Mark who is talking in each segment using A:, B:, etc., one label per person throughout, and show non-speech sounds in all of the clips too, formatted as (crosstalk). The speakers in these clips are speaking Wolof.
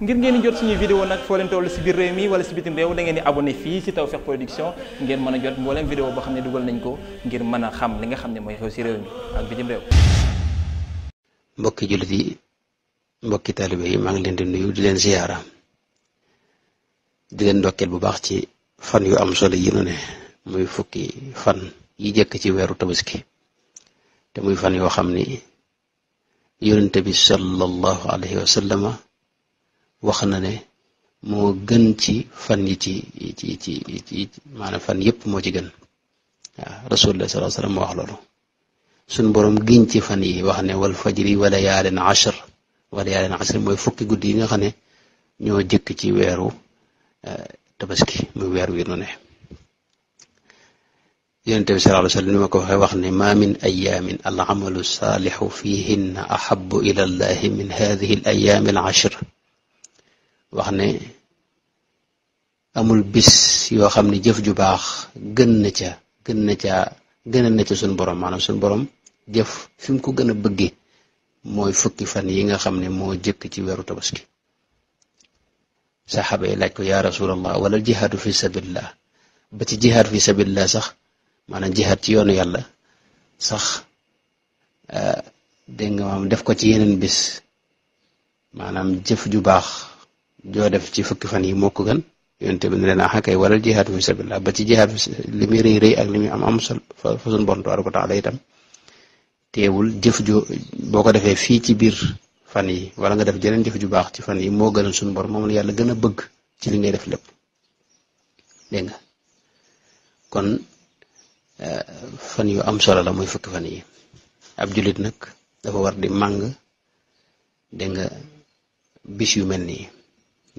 A: ngir ngeen di jot suñuy vidéo nag foo leen toll si biir réew mi wala si bitim réew da ngeen di abonné fii si Tawfekh Production ngeen mën a jot mbooleem vidéo boo xam ne dugal nañ ko ngir mën a xam li nga xam ne mooy xew si réew mi ak bitim réew mbokki jullit yi mbokki taalibe yi maa ngi leen di nuyu di leen ziyaara di leen ndokkeel bu baax ci fan yu am solo yi nu ne muy fukki fan yi jëkk ci weeru tabaski te muy fan yoo xam ni yonente bi sallallahu alayhi wa wax na ne moo gën ci fan yi ci ci ci ci maanaam fan yëpp moo ci gën waaw rasulullah sallallahu alayhi moo wax loolu suñ borom giñ ci fan yi wax ne wal fajri wala yaaleen ashr wala yaaleen ashr mooy fukki guddi yi nga xam ne ñoo jëkk ci weeru eh, tabaski muy weer wi nu ne yonente bi sallallahu alayhi ni ma ko waxee wax ne ma min ayaamin al amalu saalixu fihinna ahabu ila allahi min hadihi al ayaami al ashr wax ne amul bis yoo xam ne jëf ju baax gën na ca gën na ca gënal na ca suñu borom maanaam suñu borom jëf fi mu ko gën a bëgge mooy fukki fan yi nga xam ne moo jëkk ci weeru tabaski saxaaba yi laaj ko yaa rasulallah wala jihaadu fi sabilillah ba ci jihaad fi sabilillah sax maanaam jihaad ci yoonu yàlla sax eh, dégg nga def ko ci yeneen bis maanaam jëf ju baax joo def ci fukki fan yi moo ko gën yonte bi ne a ah kay waral jihaad fi laa ba ci jihaad li muy rëy rëy ak li muy am am sol fa fa suñu bon ko tax la itam teewul jëf ju boo ko defee fii ci biir fan yi wala nga def jeneen jëf ju baax ci fan yi moo gën gënal suñu bor moom la yàlla gën a bëgg ci li ngay def lépp dégg nga kon euh, fan yu am solo la muy fukki fan yi ab jullit nag dafa war di màng dégg nga bis yu mel nii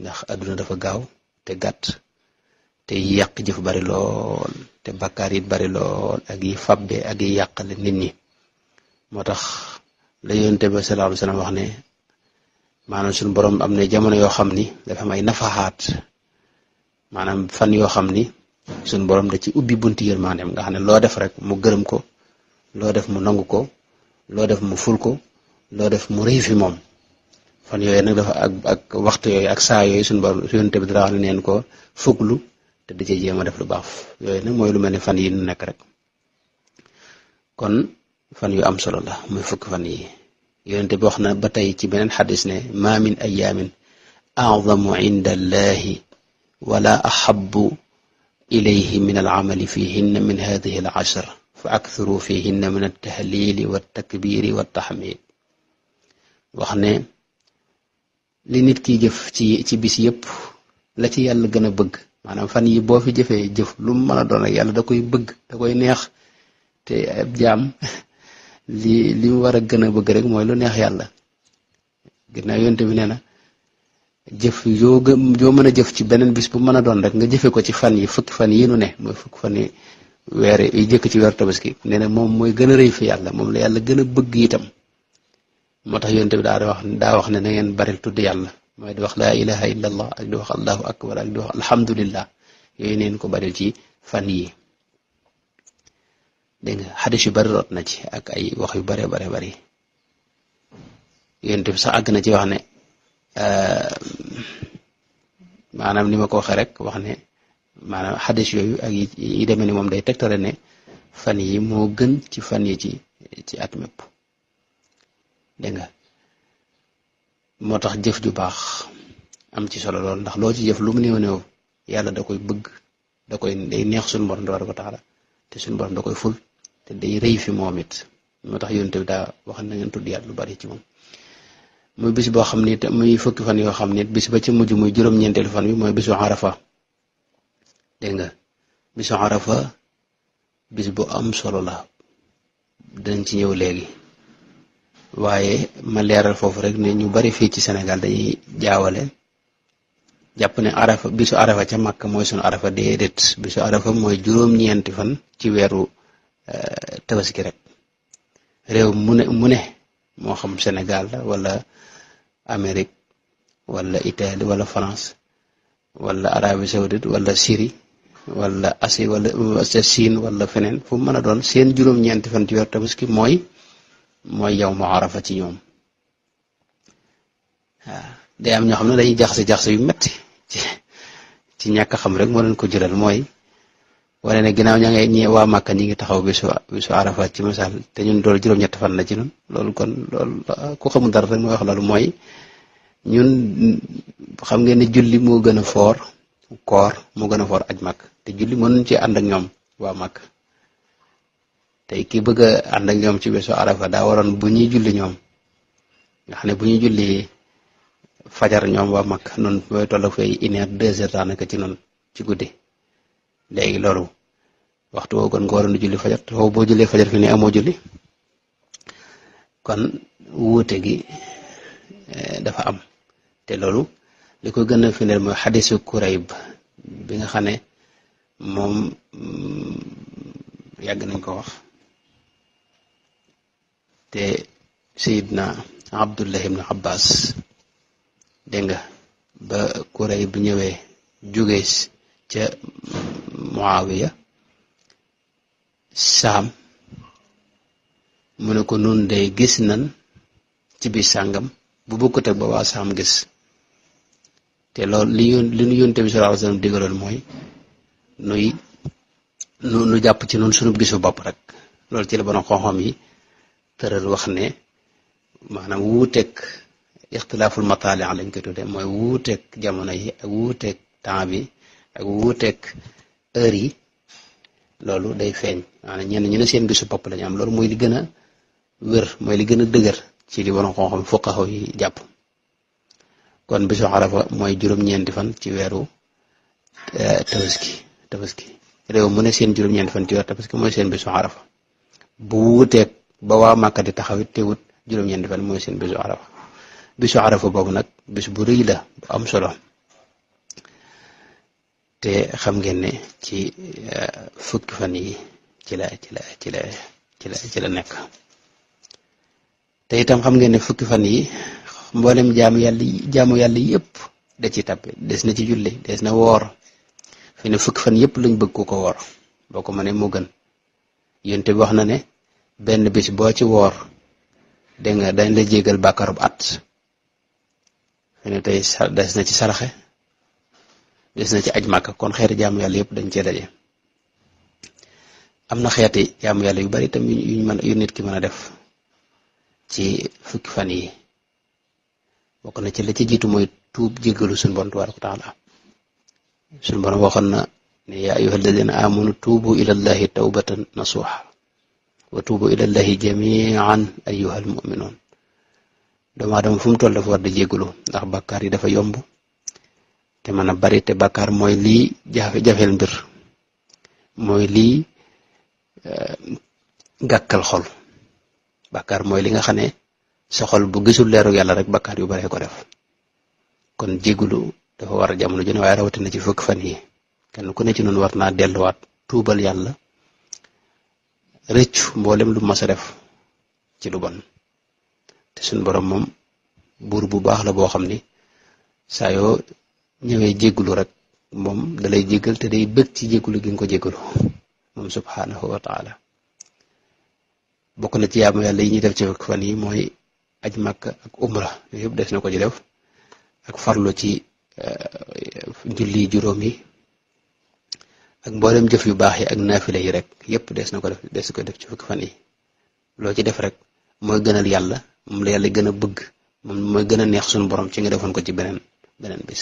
A: ndax àdduna dafa gaaw te gàtt te yàq jëf bari lool te bakkaar bari lool ak yi fabbe ak yi yàqale nit ñi moo tax la yonent bi sallallahu alayhi wasallam wax ne maanaam suñu borom am na jamono yoo xam ni dafa am ay nafaxaat maanaam fan yoo xam ni sun borom da ci ubbi bunti yërmandeem nga xam ne loo def rek mu gërëm ko loo def mu nangu ko loo def mu ful ko loo def mu rëy moom fan yooyu nag dafa ak ak waxtu yooyu ak saa yooyu suñu borom yonent bi dara wax ne neen ko fuglu te da cee jéem a def lu baax yooyu nag mooy lu mel ne fan yi nu nekk rek kon fan yu am solo la muy fukki fan yi yonent bi wax na ba tey ci beneen xadis ne ma min ayaamin azamu inda allahi wala ahabu ilayhi min alcamali fihinna min hadihi alcashar fa akthiru fihinna min altahlili waltakbiri waltaxmid wax ne li nit ki jëf ci ci bis yëpp la ci yàlla gën a bëgg maanaam fan yi boo fi jëfee jëf lu mu mën a doon ak yàlla da koy bëgg da koy neex te ab jaam (laughs) li li war a gën a bëgg rek mooy lu neex yàlla ginnaaw yonte bi nee na jëf yoo gën yoo mën a jëf ci beneen bis bu mën a doon rek nga jëfe ko ci fan yi fukki fan yi nu ne mooy fukki fan yi weer yi jëkk ci weer tabaski nee na moom mooy gën a rëy fi yàlla moom la yàlla gën a bëgg itam moo tax yonte bi daa wax daa wax ne na ngeen baril tudd yàlla mooy di wax la ilaha illa allah ak di wax allahu akbar ak di wax alhamdulillah yooyu neen ko baril ci fan yi dégg nga xadis yu bari root na ci ak ay wax yu bare bare bari yonte bi sax àgg na ci wax ne euh, maanaam ni ma ko waxee rek wax ne maanaam xadis yooyu ak yi demee ni moom day tegtale ne fan yi moo gën ci fan yi ci ci at mépp dégg nga moo tax jëf ju baax am ci solo lool ndax loo ci jëf lu mu néew néew yàlla da koy bëgg da koy day neex suñu borom tabaaraka wa taala te suñu borom da koy ful te day rëy fi moom it moo tax yonent bi daa wax na ngeen tudd yàlla lu bari ci moom muy bis boo xam ni te muy fukki fan yoo xam ni bis ba ci mujj muy juróom-ñeenteelu fan bi mooy bisu arafa dégg nga bisu arafa bis bu am solo la dañ ci ñëw léegi waaye ma leeral foofu rek ñu bari fii ci Sénégal dañuy jaawale jàpp ne arafa bisu arafa ca Makka mooy sunu arafa déedéet bisu arafa mooy juróom-ñeenti fan ci weeru euh, tabaski rek réew mune ne moo xam senegal wala Amérique wala Italie wala France wala Arabie Saoudite wala Syrie wala Asie wala Chine wala feneen fu mu mën a doon seen juróom-ñeenti fan ci weeru tabaski mooy. mooy yawmu arafa ci ñoom waaw day am ñoo xam ne dañuy jaxase jaxase yu metti ci ñàkk xam rek moo leen ko jural mooy wane ne ginnaaw ña ngay ñi waa Màkka ñi ngi taxaw bisu bisu arafa ci misaal te ñun dool juróom-ñett fan la ci ñun loolu kon loolu ku xamul dara rek mooy wax loolu mooy ñun xam ngeen ne julli moo gën a foor koor moo gën a foor aj màkk te julli mënuñ ci ànd ak ñoom waa Màkka tey ki bëgg a ànd ak ñoom ci bésu arafa daa waroon bu ñuy julli ñoom nga xam ne bu ñuy julli fajar ñoom waa mag noonu booy toll fay une heure deux heures daanaka ci noonu ci guddi léegi loolu waxtu woo kon nga waroon julli fajar te boo jullee fajar fi ne amoo julli kon wuute gi eh, dafa am te loolu li ko gën a firndeel mooy xadisu Kurayb bi nga xam ne moom mm, yàgg nañ ko wax. te na sayidna abdullah ibnu abbas dégg nga ba kuréy bu ñëwee jóge ca muawiya saam mu ne ko nun de gis nan ci biir sàngam bu bokkut ak ba waa saam gis te lool li ñu li ñu yónte bi sallallahu alayhi wasallam digaloon mooy nuy nu nu jàpp ci noonu sunu gisu bopp rek loolu ci la borom xam-xam yi tëral wax ne maanaam wuuteeg ixtilaaful mataali lañ koy de mooy wuuteeg jamono yi ak wuuteeg temps bi ak wuuteeg heure yi loolu day feeñ maanaam ñenn ñu ne seen bisu bopp lañu am loolu mooy li gën a mooy li gën a dëgër ci li borom xam-xam yi jàpp kon bisu Arafa mooy juróom-ñeenti fan ci weeru eh, tabaski tabaski réew mu ne seen juróom-ñeenti fan ci weeru tabaski mooy seen bisu Arafa bu wuuteeg ba waa Màkka di taxaw it teewut juróom-ñeenti fan mooy seen bisu arafa bisu arafa boobu nag bis bu rëy la bu am solo te xam ngeen ne ci eh, fukki fan yi ci la ci la ci la ci ci la nekk te itam xam ngeen ne fukki fan yi mboolem jaamu yàlla jaamu yàlla da ci tàppe des na ci julli des na woor fi ne fukki fan yëpp lañ bëgg ko ko woor boo ko mënee moo gën yonte wax na ne benn bis boo ci woor dégg nga dañ la jégal bàkkaarub at xëy na tey des na ci saraxe des na ci aj màkka kon xeeti jaamu yàlla yëpp dañ cee daje am na xeeti jaamu yàlla yu bari itam yuñ mën yu nit ki mën a def ci fukki fan yi bokk na ci la ci jiitu mooy tuub jéggalu suñu borom tabaaraka wa taala suñu borom waxoon na ne yaa ayyuha alladina amanu tuubu ilallahi na nasuha wa tuubu ilallahi jamian ayyuhal muminuun doomu aadama fu mu toll dafa war di jégalu ndax bàkkaar yi dafa yomb te mën a bari te bàkkaar mooy lii jafe-jafeel mbir mooy lii eh, gàkkal xol bàkkaar mooy li nga xam ne sa xol bu gisul leeru yàlla rek bàkkaar yu baree ko def kon jégalu dafa war a jamono jën waaye rawatina ci fukk fan yi kenn ku ne ci noonu war naa delluwaat tuubal yàlla rëccu mboolem lu mas a def ci lu bon te suñ boroom moom buur bu baax la boo xam ni saa yoo ñëwee jéggulu rek moom dalay jéggal te day bëgg ci jéggulu gi nga ko jéggalu moom subhanahu wa bokk na ci yaamu yàlla yi ñuy def ci fan yi mooy aj màkk ak umra yooyu yëpp des na ko ci def ak farlu ci eh, julli juróom ak mboolem jëf yu baax yi ak naafila yi rek yépp des na ko def des ko def ci fukki fan yi loo ci def rek mooy gënal yàlla moom la yàlla gën a bëgg moom mooy gën a neex suñu boroom ci nga defoon ko ci beneen beneen bis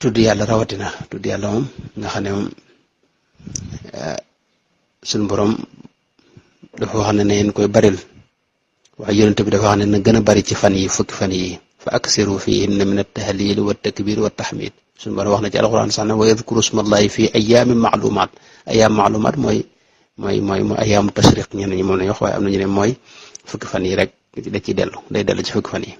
A: tudd yàlla rawatina tudd nga xam ne moom eh, suñu borom dafa wax ne na ngeen koy baril wax waaye yonent bi dafa wax ne na gën a bari ci fan yi fukki fan yi fa aksiru fiihinna min at-tahlil wa at-takbir wa at-tahmid suñu borom wax na ci alxuraan sax ne wa yadkuru smallahi fi ayyaami maalumaat ayyaam maalumaat mooy mooy mooy mooy ayyaamu tashriq ñenn ñi moom lañ wax waaye am na ñu ne mooy fukki fan yi rek da ciy dellu day dellu ci fukki fan yi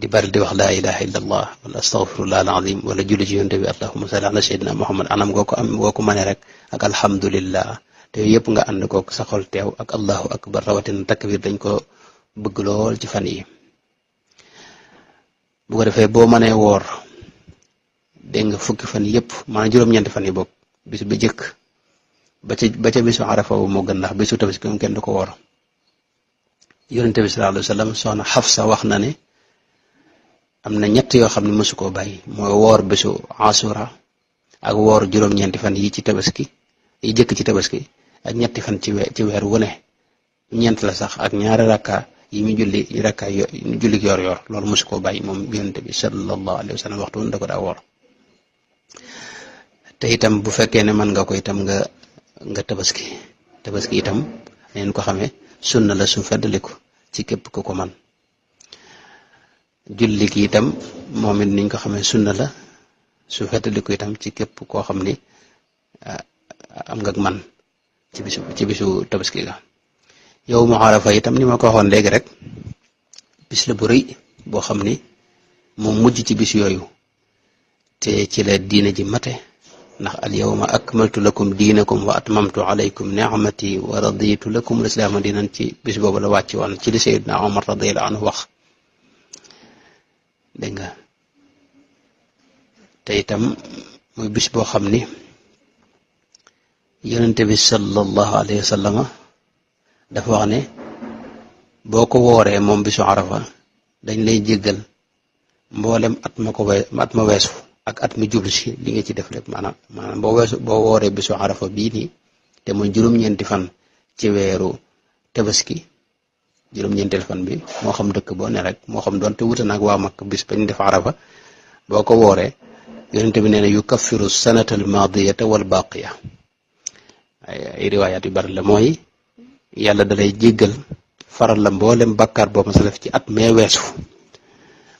A: di bari di wax laa ilaha illa allah wala astaghfirullah alazim wala julli ci yonte bi allahuma salli ala sayyidina muhammad anam goo ko am goo ko mëne rek ak alhamdulillah te yëpp nga ànd kook sa xol teew ak allahu akbar rawatina takbir dañ ko bëgg lool ci fan yi bu ko defee boo mënee woor dégg nga fukki fan yëpp maanaam juróom-ñeenti fan yi bokk bis ba jëkk ba ca ba ca bisu arafa wu moo gën ndax bisu tabaski moom kenn du ko woor yonente bi sallallahu alayhi wa sallam soxna wax na ne am na ñett yoo xam ne mosu koo bàyyi mooy woor bisu asura ak woor juróom-ñeenti fan yi ci tabaski yi jëkk ci tabaski ak ñetti fan ci weer ci weer wu ne ñeent la sax ak ñaari rakka yi ñu julli rakka yo julli yor-yor loolu mosu koo bàyyi moom yonente bi sallallahu alayhi wa sallam waxtu woon da ko daa woor. te itam bu fekkee ne mën nga ko itam nga nga tabaski tabaski itam neen ko xamee sunna la su feddaliku ci képp ku ko man julli gi itam moom it niñ ko xamee sunna la su feddaliku itam ci képp koo xam ni ah, am nga man ci bisu ci bisu tabaski ga yow mu ma ko waxoon léegi rek bis la bu rëy boo xam ni moom mujj ci bis yooyu te ci la diine ji mate ndax al yawma akmaltu lakum diinakum wa atmamtu alaykum ni'mati wa raditu lakum lislaama diinan ci bis boobu la wàcc woon ci li Seydina Omar radiyallahu anhu wax te itam mooy bis boo xam ni yonente bi sallallahu alayhi wa sallam dafa wax boo ko wooree moom bisu arafa dañ lay jéggal mboolem at ma ko at ma weesu ak at mi jublu si li nga ci def lépp maanaam maanaam boo weesu boo wooree bisu arafa bii nii te mooy juróom-ñeenti fan ci weeru tabaski juróom-ñeenteel fan bi moo xam dëkk boo ne rek moo xam doonte wuute nag waa Makka bis ba ñu def arafa boo ko wooree ne bi nee na yu kaffiru sanatal maadiyata wal baqiya ay riwaayaat yu bari la mooy yàlla dalay jéggal faral la mboolem bàkkaar boo ma sa ci at mee weesu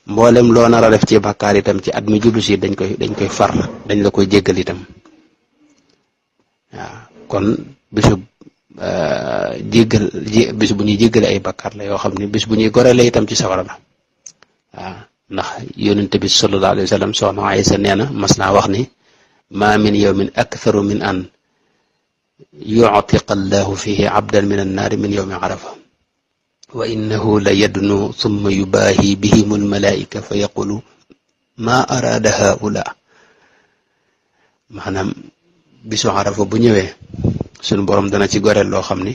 A: mboolem loo nara a def ci bàkkaar itam ci at mi jublu si dañ koy dañ koy far dañ la koy jéggal itam waaw kon bisu euh, jéggal bis bu ñuy jéggale ay bàkkaar la yoo xam ne bis bu ñuy gorele itam ci sawara la waaw ndax yonente bi sallallahu alayhi wa sallam soxna Aysa nee na mas naa wax ni ma min yawmin aktharu min an yu'tiqa allahu fihi abdan min annaari min yawmi arafa wa innahu la yadnu summa yubaahi bihim almalaika fa yaqulu ma araada haula maanaam bisu arafa bu ñëwee sunu borom dana ci goreel loo xam ne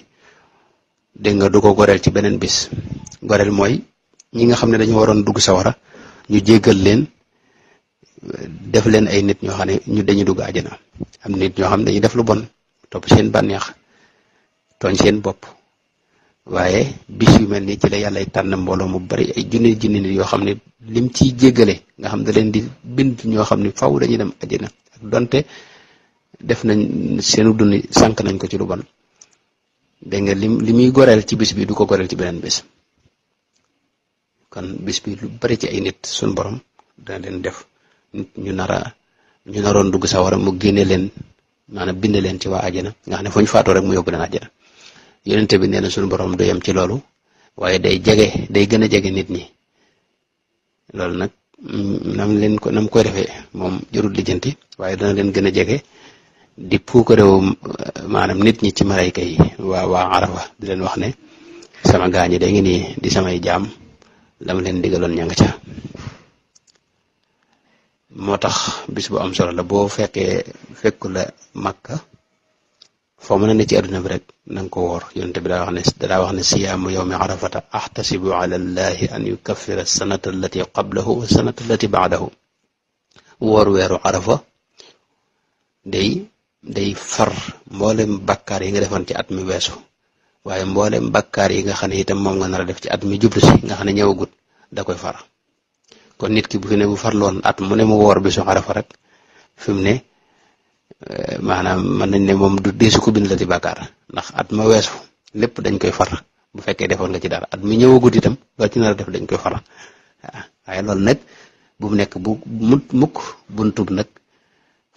A: dégg nga du ko goreel ci beneen bis goreel mooy ñi nga xam ne dañu waroon dugg sawara ñu jéggal leen def leen ay nit ñoo xam ne ñu dañu dugg àjjana am nit ñoo xam ne dañuy def lu bon topp seen bànneex tooñ seen bopp waaye bis yu mel ni ci la yàlla ay tànn mbooloo mu bari ay junne junne nit yoo xam ne lim ciy jéggale nga xam da leen di bind ñoo xam ne faw dañuy dem àjjana ak donte def nañ seenu dund sànq nañ ko ci lu bon dégg nga lim li muy goreel ci bis bi du ko goreel ci beneen bis kon bis bi lu bari ci ay nit suñ borom dana leen def ñu nara ñu naroon dugg sawara mu génne leen maanaam bind leen ci waa àjjana nga xam ne fu ñu faatoo rek mu yóbbu leen àjjana yonent bi nee na suñu borom du yem ci loolu waaye day jege day gën a jege nit ñi loolu nag mm, nam leen ko nam koy defee moom jërul lijjanti waaye dana leen gën a jege di puukarewu eh, maanaam nit ñi ci malayka yi waa waa arafa di leen wax ne sama gaañi day ngi nii di samay jaam lam leen digaloon ña nga ca moo tax bis bu am solo la boo fekkee fekku la Makka foo mën a ne ci adduna bi rek na nga ko woor yonent bi daa wax ne daa wax ne siyaamu yowmi arafata axtasibu ala allahi an yukaffira sanata allati qablahu wa sanata allati baadahu woor weeru arafa day day far mboolem bakkaar yi nga defoon ci at mi weesu waaye mboolem bakkaar yi nga xam ne itam moom nga nar a def ci at mi jublu si nga xam ne ñëwagut da koy far kon nit ki bu fi ne bu farloon at mu ne mu woor bisu arafa rek fi mu ne Eh, maanaam mën nañ ne moom du deesu ko bind la ci bàkkaar ndax at ma weesu lépp dañ koy far bu fekkee defoon nga ci dara at mi ñëwagut itam loo def dañ koy fara waaye loolu nag bu nekk bu mukk buntub nag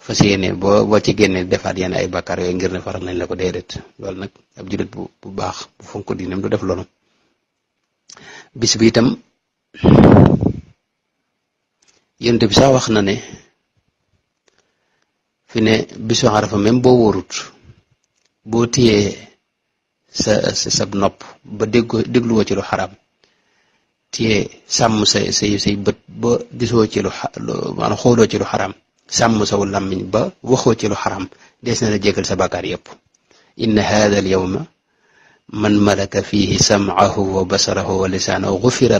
A: fas yéene boo boo ci génnee defaat yenn ay bàkkaar yooyu ngir ne faral nañ la ko déedéet loolu nag ab jullit baax bu fonk diinam du def loolu bis bi itam yonent bi sax wax na ne fi ne bisu arafa même boo wóorut boo téyee sa nopp ba dégg dégluwoo ci lu xaraam téyee sàmm sa say say bët ba gisoo ci lu xaraam sàmm saw làmmiñ ba waxoo ci lu xaraam des na la jégal sa bàkkaar yépp inna haada al yawma man malaka fihi sam'ahu wa basarahu wa lisaanahu la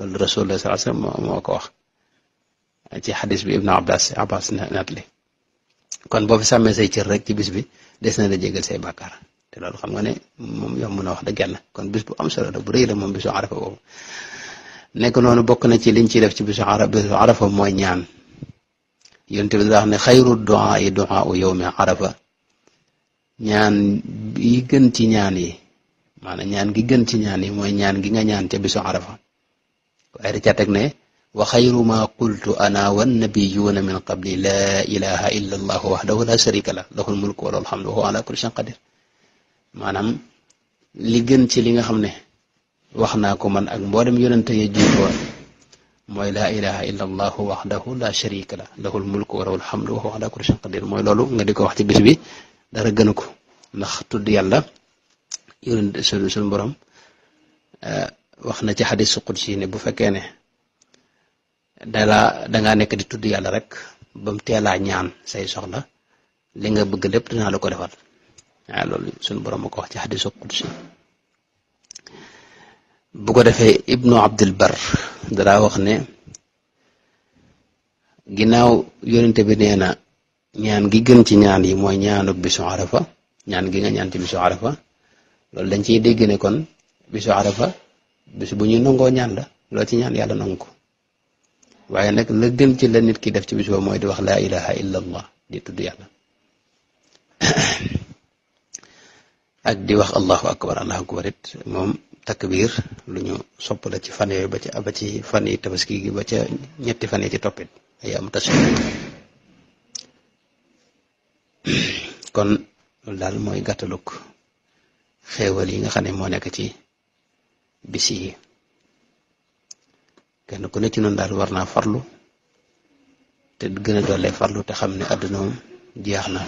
A: loolu rasulullah sallallahu alayhi wasallam ci xadis bi ibnu abbas abbas kon boo fi sàmmee say cër rek ci bis bi des na la jégal say bàkkaar te loolu xam nga ne moom yomb na wax dëgg yàlla kon bis bu am solo la bu rëy la moom bisu arafa boobu nekk noonu bokk na ci liñ ciy def ci bisu arafa bisu arafa mooy ñaan yonent bi wax ne xayru duaa yi duaa u yowmi arafa ñaan yi gën ci ñaan yi maanaam ñaan gi gën ci ñaan yi mooy ñaan gi nga ñaan ca bisu arafa waaye da ca teg wa xayru ma qultu ana wannabiyuuna min qabli laa ilaha illa allahu waxdahu la sharika la lahul mulku wa lahul hamdu wa huwa ala kulli shay'in qadir maanaam li gën ci li nga xam ne wax naa ko man ak mboolem yonente ya jiitu woon mooy laa ilaha illa allahu waxdahu la sharika la lahul mulku wa lahul hamdu wa huwa ala kulli mooy loolu nga de ko wax ci bis bi dara gënu ko ndax tudd yàlla yonente suñu borom eh, wax na ci xadis su qudsi bu fekkee ne dalaa dangaa nekk di tudd yàlla rek ba mu teelaa ñaan say soxla li nga bëgg lépp dinaa la ko defal waaw loolu suñu borom a ko wax ci xadisu qudsi bu ko defee ibnu abdul bar dara wax ne ginnaaw yonente bi nee na ñaan gi gën ci ñaan yi mooy ñaanu bisu arafa ñaan gi nga ñaan ci bisu arafa loolu dañ ciy dégg ne kon bisu arafa bis bu ñuy nangoo ñaan la lool ci ñaan yàlla nangu ko waaye nag la gën ci la nit ki def ci bis boobu mooy di wax laa ilaha illa allah di tudd yàlla (coughs) ak di wax allahu akbar allahu akbar it moom takbir lu ñu sopp la ci fan yooyu ba ci ba ci fan yi tabaski gi ba ca ñetti fan yi ci toppit ay am tas kon loolu daal mooy gàttaluk xéewal yi nga xam ne moo nekk ci bis yi kenn ku nekk ci noonu daal war naa farlu te gën a dollee farlu te xam ne àdduna moom jeex na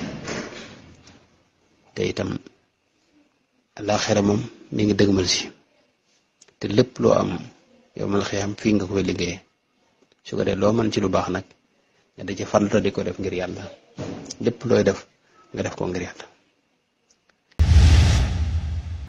A: te itam alaxira moom mi ngi dëgmal si te lépp loo am yow mal xiyam fii nga koy liggéey su ko dee loo mën ci lu baax nag nga da ci farlu di ko def ngir yàlla lépp looy def nga def ko ngir yàlla